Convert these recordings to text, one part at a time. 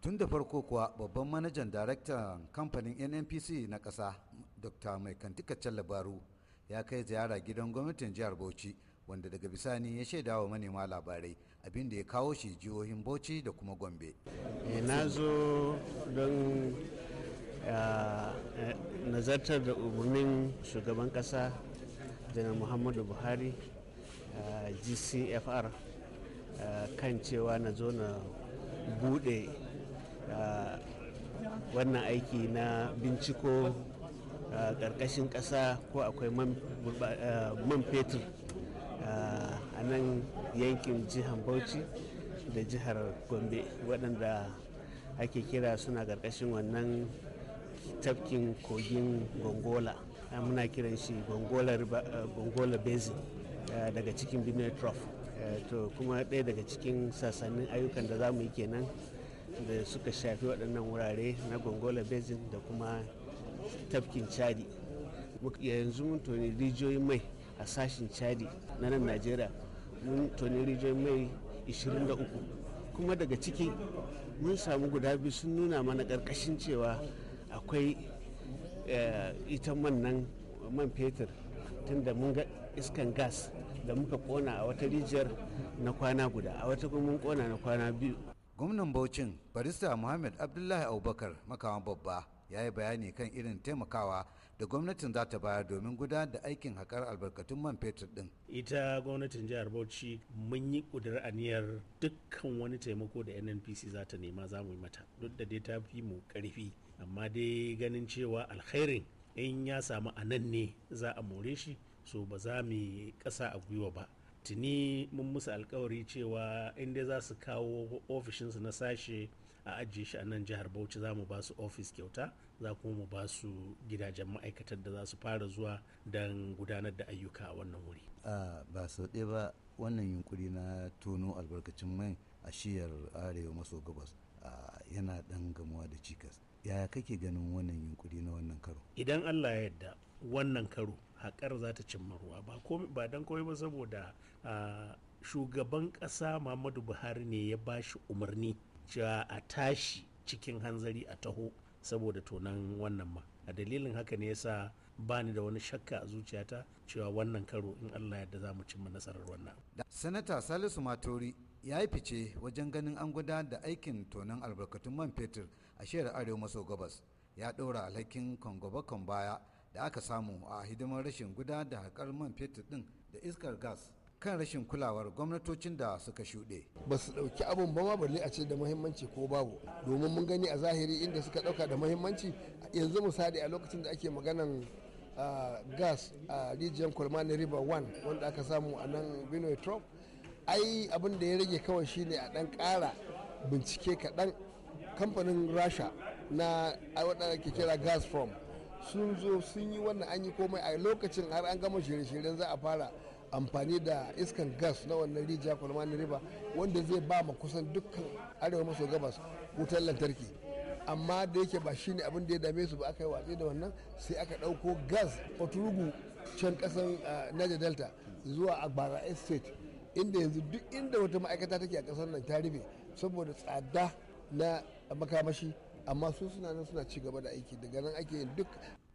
tun da farko kuwa babban manajan daraktan kamfanin nnpc na ƙasa dr mai kantikaccen labaru ya kai ziyara gidan gwamnatin jihar bauchi wanda daga bisani ya shaida wa manema labarai abinda ya kawo shi jihohin bauchi da kuma gombe eh, na zo don nazartar da umarnin shugaban ƙasa janar muhammadu buhari gcfr kan cewa na zo na bude wannan aiki na binciko ƙarƙashin ƙasa ko akwai man fetur a nan yankin jihar bauchi da jihar gombe waɗanda ake kira suna ƙarƙashin wannan tafkin kogin gongola muna kiran shi gongola basin daga cikin benue trough to kuma ɗaya daga cikin sassanin ayyukan da za mu yi kenan da suka shafi waɗannan wurare na gongola basin da kuma tafkin chadi yanzu mun toni rijiyoyin mai a sashin chadi na nan najeriya mun toni rijiyoyin mai 23 kuma daga ciki mun samu guda biyu sun nuna mana ƙarƙashin cewa akwai eh, ita man nan man fetur tunda mun ga iskan gas da muka kona a wata rijiyar na kwana guda a wata kuma mun kona na kwana biyu gwamnan baucin barista muhammad abdullahi abubakar makawan babba ya yi bayani kan irin taimakawa da gwamnatin za ta bayar domin gudanar da aikin haƙar albarkatun man fetur din. ita gwamnatin jihar bauchi mun yi ƙudurar aniyar dukkan wani taimako da nnpc za ta nema za mu yi mata duk da dai ta fi mu karfi amma dai ganin cewa alkhairin in ya samu a nan ne za a more shi so ba za mu ƙasa a gwiwa ba tuni mun musu alkawari cewa inda za su kawo ofishinsu na sashe a ajiye shi a nan jihar bauchi za mu ba su ofis kyauta za kuma mu ba su gidajen ma'aikatar da za su fara zuwa don gudanar da ayyuka a wannan wuri ba sau ɗaya ba wannan yunkuri na tono albarkacin mai a shiyar arewa maso gabas yana ɗan gamuwa da cikas yaya kake ganin wannan yunkuri na wannan karo idan allah ya yarda wannan karo haƙar za ta cimma ruwa ba don kawai ba saboda shugaban ƙasa muhammadu buhari ne ya ba shi umarni cewa a tashi cikin hanzari a taho saboda tonan wannan ma a dalilin haka ne yasa ba ni da wani shakka a zuciyata cewa wannan karo in allah yadda za mu cimma nasarar wannan sanata salisu matori ya yi fice wajen ganin an gudanar da aikin tonan albarkatun man fetur a shehar arewa maso gabas ya ɗora alhakin kongoba baya da aka samu a hidimar rashin guda da haƙar man fetur ɗin da iskar gas kan rashin kulawar gwamnatocin da suka shuɗe. ba su ɗauki abin ba balle a ce da muhimmanci ko babu domin mun gani a zahiri inda suka ɗauka da muhimmanci yanzu misali a lokacin da ake maganan gas a rijiyar kwalmani river one wanda aka samu a nan benue trop ai abin da ya rage kawai shine a ɗan ƙara bincike kaɗan kamfanin rasha na waɗanda ke kira gas from sun zo sun yi wannan an yi komai a lokacin har an gama shirye-shiryen za a fara amfani da iskan gas na wannan rijiya kwalmani riba wanda zai ba ma kusan dukkan arewa maso gabas wutar lantarki amma da yake ba shi ne abin da ya dame su ba aka yi watsi da wannan sai aka ɗauko gas oturugu can ƙasan niger delta zuwa agbara estate inda yanzu duk inda wata ma'aikata take a ƙasar nan ta rufe saboda tsada na makamashi amma su suna nan suna ci gaba da aiki daga nan ake yin duk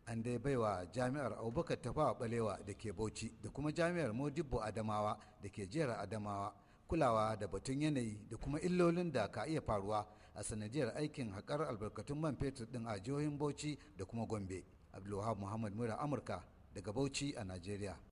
an dai baiwa jami'ar abubakar tafawa balewa da ke bauchi da kuma jami'ar modibbo adamawa da ke jihar adamawa kulawa da batun yanayi da kuma illolin da ka iya faruwa a sanadiyar aikin haƙar albarkatun man fetur din a jihohin bauchi da kuma gombe abdulwahab muhammad mura amurka daga bauchi a najeriya